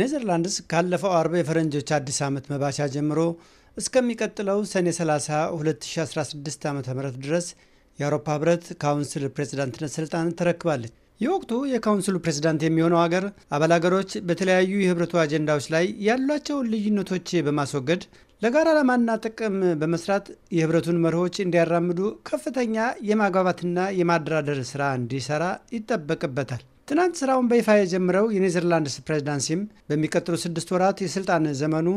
ኔዘርላንድስ ካለፈው አርብ የፈረንጆች አዲስ ዓመት መባቻ ጀምሮ እስከሚቀጥለው ሰኔ 30 2016 ዓ ም ድረስ የአውሮፓ ህብረት ካውንስል ፕሬዝዳንትነት ስልጣን ተረክባለች። የወቅቱ የካውንስሉ ፕሬዚዳንት የሚሆነው ሀገር አባል ሀገሮች በተለያዩ የህብረቱ አጀንዳዎች ላይ ያሏቸውን ልዩነቶች በማስወገድ ለጋራ ዓላማና ጥቅም በመስራት የህብረቱን መርሆች እንዲያራምዱ ከፍተኛ የማግባባትና የማደራደር ስራ እንዲሰራ ይጠበቅበታል። ትናንት ስራውን በይፋ የጀምረው የኔዘርላንድስ ፕሬዚዳንሲም በሚቀጥሉ ስድስት ወራት የስልጣን ዘመኑ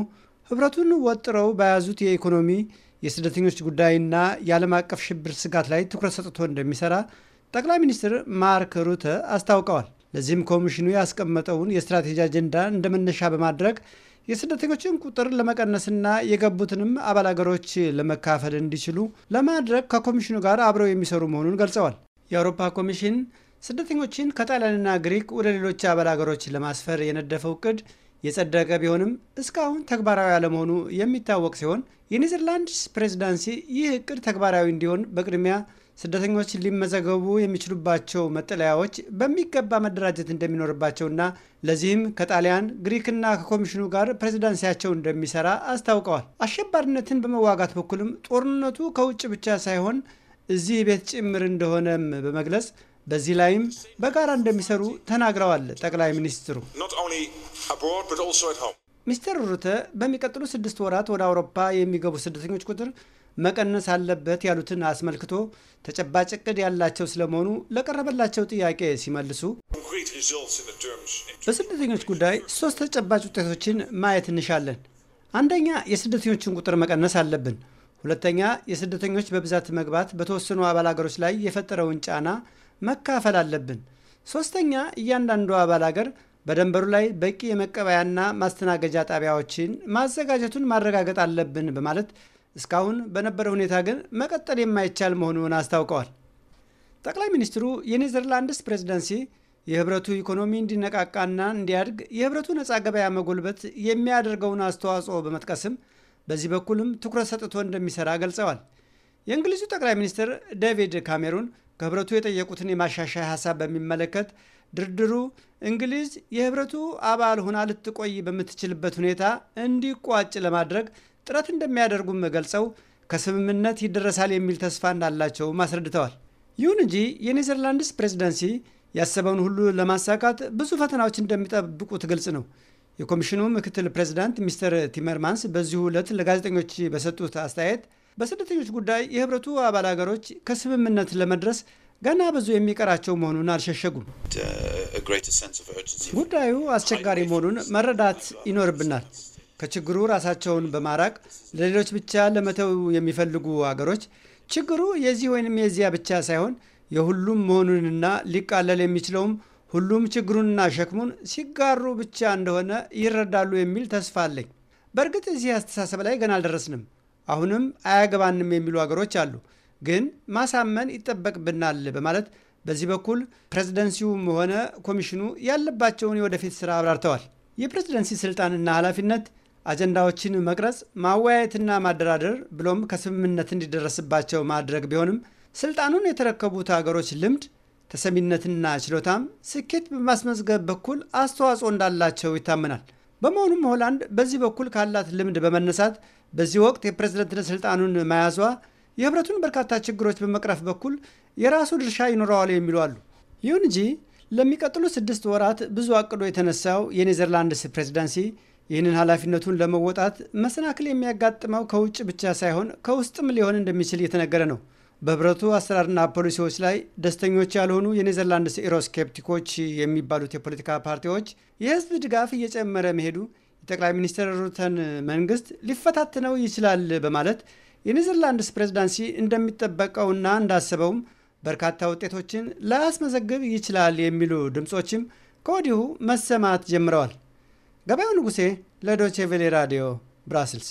ህብረቱን ወጥረው በያዙት የኢኮኖሚ የስደተኞች ጉዳይና የዓለም አቀፍ ሽብር ስጋት ላይ ትኩረት ሰጥቶ እንደሚሰራ ጠቅላይ ሚኒስትር ማርክ ሩተ አስታውቀዋል። ለዚህም ኮሚሽኑ ያስቀመጠውን የስትራቴጂ አጀንዳ እንደ መነሻ በማድረግ የስደተኞችን ቁጥር ለመቀነስና የገቡትንም አባል አገሮች ለመካፈል እንዲችሉ ለማድረግ ከኮሚሽኑ ጋር አብረው የሚሰሩ መሆኑን ገልጸዋል። የአውሮፓ ኮሚሽን ስደተኞችን ከጣሊያንና ግሪክ ወደ ሌሎች አባል ሀገሮች ለማስፈር የነደፈው እቅድ የጸደቀ ቢሆንም እስካሁን ተግባራዊ አለመሆኑ የሚታወቅ ሲሆን የኔዘርላንድ ፕሬዚዳንሲ ይህ እቅድ ተግባራዊ እንዲሆን በቅድሚያ ስደተኞች ሊመዘገቡ የሚችሉባቸው መጠለያዎች በሚገባ መደራጀት እንደሚኖርባቸውና ለዚህም ከጣሊያን ግሪክና ከኮሚሽኑ ጋር ፕሬዚዳንሲያቸው እንደሚሰራ አስታውቀዋል። አሸባሪነትን በመዋጋት በኩልም ጦርነቱ ከውጭ ብቻ ሳይሆን እዚህ ቤት ጭምር እንደሆነም በመግለጽ በዚህ ላይም በጋራ እንደሚሰሩ ተናግረዋል ጠቅላይ ሚኒስትሩ። ሚስተር ሩተ በሚቀጥሉ ስድስት ወራት ወደ አውሮፓ የሚገቡ ስደተኞች ቁጥር መቀነስ አለበት ያሉትን አስመልክቶ ተጨባጭ እቅድ ያላቸው ስለመሆኑ ለቀረበላቸው ጥያቄ ሲመልሱ በስደተኞች ጉዳይ ሶስት ተጨባጭ ውጤቶችን ማየት እንሻለን። አንደኛ የስደተኞችን ቁጥር መቀነስ አለብን። ሁለተኛ የስደተኞች በብዛት መግባት በተወሰኑ አባል አገሮች ላይ የፈጠረውን ጫና መካፈል አለብን። ሶስተኛ እያንዳንዱ አባል አገር በደንበሩ ላይ በቂ የመቀበያና ማስተናገጃ ጣቢያዎችን ማዘጋጀቱን ማረጋገጥ አለብን በማለት እስካሁን በነበረ ሁኔታ ግን መቀጠል የማይቻል መሆኑን አስታውቀዋል። ጠቅላይ ሚኒስትሩ የኔዘርላንድስ ፕሬዚደንሲ የህብረቱ ኢኮኖሚ እንዲነቃቃና እንዲያድግ የህብረቱ ነፃ ገበያ መጎልበት የሚያደርገውን አስተዋጽኦ በመጥቀስም በዚህ በኩልም ትኩረት ሰጥቶ እንደሚሰራ ገልጸዋል። የእንግሊዙ ጠቅላይ ሚኒስትር ዴቪድ ካሜሩን ከህብረቱ የጠየቁትን የማሻሻያ ሀሳብ በሚመለከት ድርድሩ እንግሊዝ የህብረቱ አባል ሆና ልትቆይ በምትችልበት ሁኔታ እንዲቋጭ ለማድረግ ጥረት እንደሚያደርጉም ገልጸው ከስምምነት ይደረሳል የሚል ተስፋ እንዳላቸውም አስረድተዋል። ይሁን እንጂ የኔዘርላንድስ ፕሬዚደንሲ ያሰበውን ሁሉ ለማሳካት ብዙ ፈተናዎች እንደሚጠብቁት ግልጽ ነው። የኮሚሽኑ ምክትል ፕሬዚዳንት ሚስተር ቲመርማንስ በዚሁ ዕለት ለጋዜጠኞች በሰጡት አስተያየት በስደተኞች ጉዳይ የህብረቱ አባል ሀገሮች ከስምምነት ለመድረስ ገና ብዙ የሚቀራቸው መሆኑን አልሸሸጉም። ጉዳዩ አስቸጋሪ መሆኑን መረዳት ይኖርብናል። ከችግሩ ራሳቸውን በማራቅ ለሌሎች ብቻ ለመተው የሚፈልጉ አገሮች ችግሩ የዚህ ወይንም የዚያ ብቻ ሳይሆን የሁሉም መሆኑንና ሊቃለል የሚችለውም ሁሉም ችግሩንና ሸክሙን ሲጋሩ ብቻ እንደሆነ ይረዳሉ የሚል ተስፋ አለኝ። በእርግጥ እዚህ አስተሳሰብ ላይ ገና አልደረስንም። አሁንም አያገባንም የሚሉ አገሮች አሉ። ግን ማሳመን ይጠበቅብናል በማለት በዚህ በኩል ፕሬዝደንሲውም ሆነ ኮሚሽኑ ያለባቸውን የወደፊት ስራ አብራርተዋል። የፕሬዝደንሲ ስልጣንና ኃላፊነት አጀንዳዎችን መቅረጽ፣ ማወያየትና ማደራደር ብሎም ከስምምነት እንዲደረስባቸው ማድረግ ቢሆንም ስልጣኑን የተረከቡት አገሮች ልምድ ተሰሚነትና ችሎታም ስኬት በማስመዝገብ በኩል አስተዋጽኦ እንዳላቸው ይታመናል። በመሆኑም ሆላንድ በዚህ በኩል ካላት ልምድ በመነሳት በዚህ ወቅት የፕሬዝደንትነት ስልጣኑን መያዟ የህብረቱን በርካታ ችግሮች በመቅረፍ በኩል የራሱ ድርሻ ይኖረዋል የሚሉ አሉ። ይሁን እንጂ ለሚቀጥሉ ስድስት ወራት ብዙ አቅዶ የተነሳው የኔዘርላንድስ ፕሬዚዳንሲ ይህንን ኃላፊነቱን ለመወጣት መሰናክል የሚያጋጥመው ከውጭ ብቻ ሳይሆን ከውስጥም ሊሆን እንደሚችል እየተነገረ ነው። በህብረቱ አሰራርና ፖሊሲዎች ላይ ደስተኞች ያልሆኑ የኔዘርላንድስ ኢሮስኬፕቲኮች የሚባሉት የፖለቲካ ፓርቲዎች የህዝብ ድጋፍ እየጨመረ መሄዱ የጠቅላይ ሚኒስትር ሩተን መንግስት ሊፈታትነው ይችላል በማለት የኔዘርላንድስ ፕሬዚዳንሲ እንደሚጠበቀውና እንዳስበውም በርካታ ውጤቶችን ላያስመዘግብ ይችላል የሚሉ ድምፆችም ከወዲሁ መሰማት ጀምረዋል። ገበያው ንጉሴ ለዶቼቬሌ ራዲዮ ብራስልስ